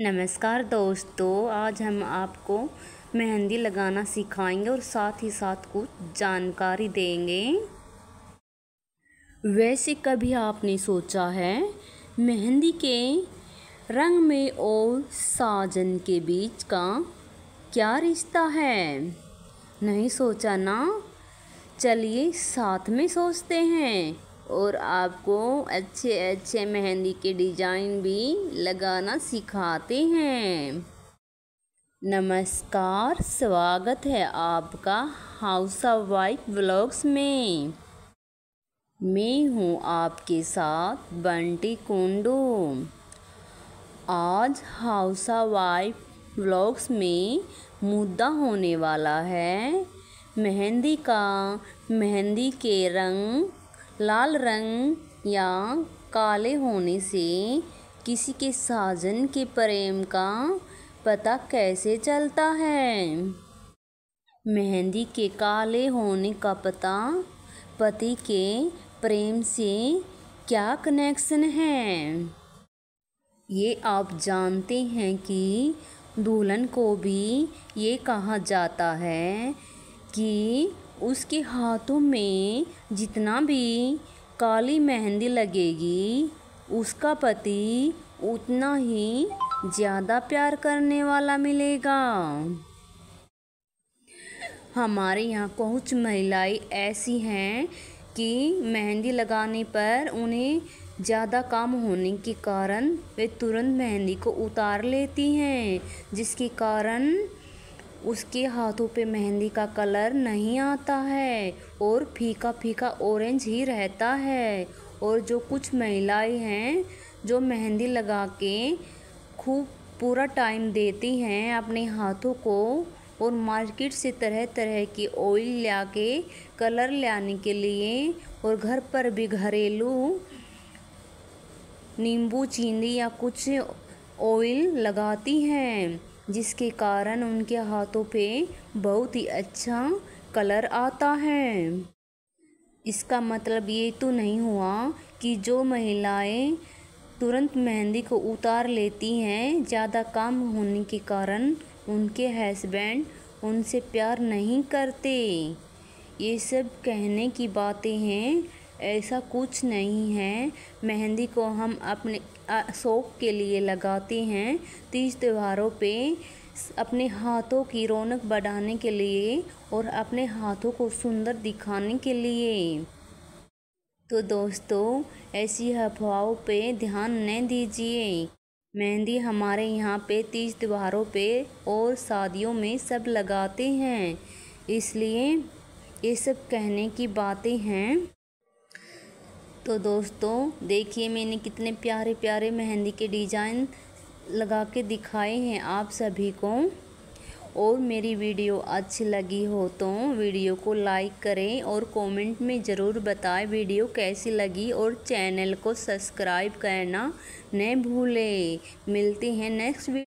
नमस्कार दोस्तों आज हम आपको मेहंदी लगाना सिखाएंगे और साथ ही साथ कुछ जानकारी देंगे वैसे कभी आपने सोचा है मेहंदी के रंग में और साजन के बीच का क्या रिश्ता है नहीं सोचा ना चलिए साथ में सोचते हैं और आपको अच्छे अच्छे मेहंदी के डिजाइन भी लगाना सिखाते हैं नमस्कार स्वागत है आपका हाउसा वाइफ ब्लॉग्स में मैं हूँ आपके साथ बंटी कुंडू आज हाउसा वाइफ ब्लॉग्स में मुद्दा होने वाला है मेहंदी का मेहंदी के रंग लाल रंग या काले होने से किसी के साजन के प्रेम का पता कैसे चलता है मेहंदी के काले होने का पता पति के प्रेम से क्या कनेक्शन है ये आप जानते हैं कि दुल्हन को भी ये कहा जाता है कि उसके हाथों में जितना भी काली मेहंदी लगेगी उसका पति उतना ही ज़्यादा प्यार करने वाला मिलेगा हमारे यहाँ कुछ महिलाएं ऐसी हैं कि मेहंदी लगाने पर उन्हें ज़्यादा काम होने के कारण वे तुरंत मेहंदी को उतार लेती हैं जिसके कारण उसके हाथों पे मेहंदी का कलर नहीं आता है और फीका फीका ऑरेंज ही रहता है और जो कुछ महिलाएं हैं जो मेहंदी लगा के खूब पूरा टाइम देती हैं अपने हाथों को और मार्केट से तरह तरह की ऑयल ला के कलर लाने के लिए और घर पर भी घरेलू नींबू चीनी या कुछ ऑयल लगाती हैं जिसके कारण उनके हाथों पे बहुत ही अच्छा कलर आता है इसका मतलब ये तो नहीं हुआ कि जो महिलाएं तुरंत मेहंदी को उतार लेती हैं ज़्यादा काम होने के कारण उनके हस्बैंड उनसे प्यार नहीं करते ये सब कहने की बातें हैं ऐसा कुछ नहीं है मेहंदी को हम अपने शौक के लिए लगाते हैं तीज त्योहारों पे अपने हाथों की रौनक बढ़ाने के लिए और अपने हाथों को सुंदर दिखाने के लिए तो दोस्तों ऐसी अफवाहों पे ध्यान न दीजिए मेहंदी हमारे यहाँ पे तीज त्योहारों पे और शादियों में सब लगाते हैं इसलिए ये सब कहने की बातें हैं तो दोस्तों देखिए मैंने कितने प्यारे प्यारे मेहंदी के डिज़ाइन लगा के दिखाए हैं आप सभी को और मेरी वीडियो अच्छी लगी हो तो वीडियो को लाइक करें और कमेंट में ज़रूर बताएं वीडियो कैसी लगी और चैनल को सब्सक्राइब करना न भूलें मिलती हैं नेक्स्ट